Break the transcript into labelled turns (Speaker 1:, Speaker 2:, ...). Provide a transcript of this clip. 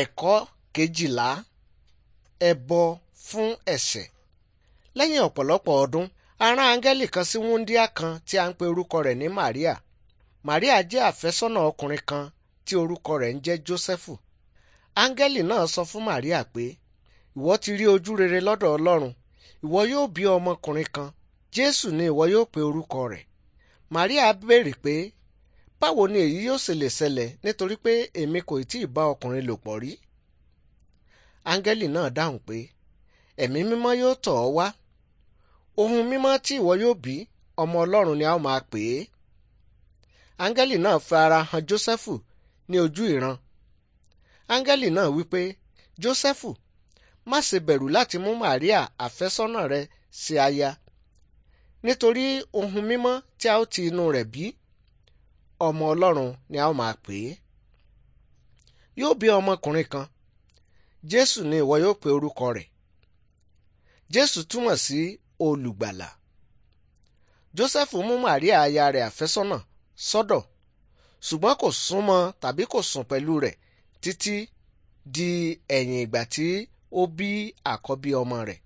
Speaker 1: ẹ̀kọ́ kejìlá ẹbọ fún ẹ̀ṣẹ̀ lẹ́yìn ọ̀pọ̀lọpọ̀ ọdún a rán áńgẹ́lì kan sí wúńdíá kan tí a ń pe orúkọ rẹ̀ ní Màríà Màríà jẹ́ àfẹ́sọ́nà ọkùnrin kan tí orúkọ rẹ̀ ń jẹ́ Jósẹ́fù áńgẹ́lì náà sọ fún Màríà pé ìwọ ti rí ojú rere lọ́dọ̀ Ọlọ́run ìwọ yóò bí ọmọkùnrin kan Jésù ni ìwọ yóò pe orúkọ rẹ̀ Màríà béèrè pé báwo ni èyí yóò ṣe lè ṣẹlẹ̀ nítorí pé èmi kò tí ì bá ọkùnrin lò pọ̀ rí. áńgẹ́lì náà dáhùn pé ẹ̀mí mímọ́ yóò tọ̀ ọ́ wá ohun mímọ́ tí ìwọ yóò bí ọmọ ọlọ́run ni a ó máa pè é. áńgẹ́lì náà fi ara hàn jósẹ́fù ní ojú ìran. áńgẹ́lì náà wí pé jósẹ́fù má ṣe bẹ̀rù láti mú màríà àfẹ́sọ́nà rẹ ṣe aya nítorí ohun mímọ́ tí a ó ti inú rẹ̀ bí ọmọ ọlọ́run ni a ó máa pè é yóò bí ọmọkùnrin kan jésù ni ìwọ yóò pe orúkọ rẹ̀ jésù túmọ̀ sí olùgbàlà jósẹ́fù mú màríà aya rẹ̀ àfẹ́sọ́nà sọ́dọ̀ ṣùgbọ́n kò súnmọ́ tàbí kò sùn pẹ̀lú rẹ̀ títí di ẹ̀yìn ìgbà tí ó bí àkọ́bí ọmọ rẹ̀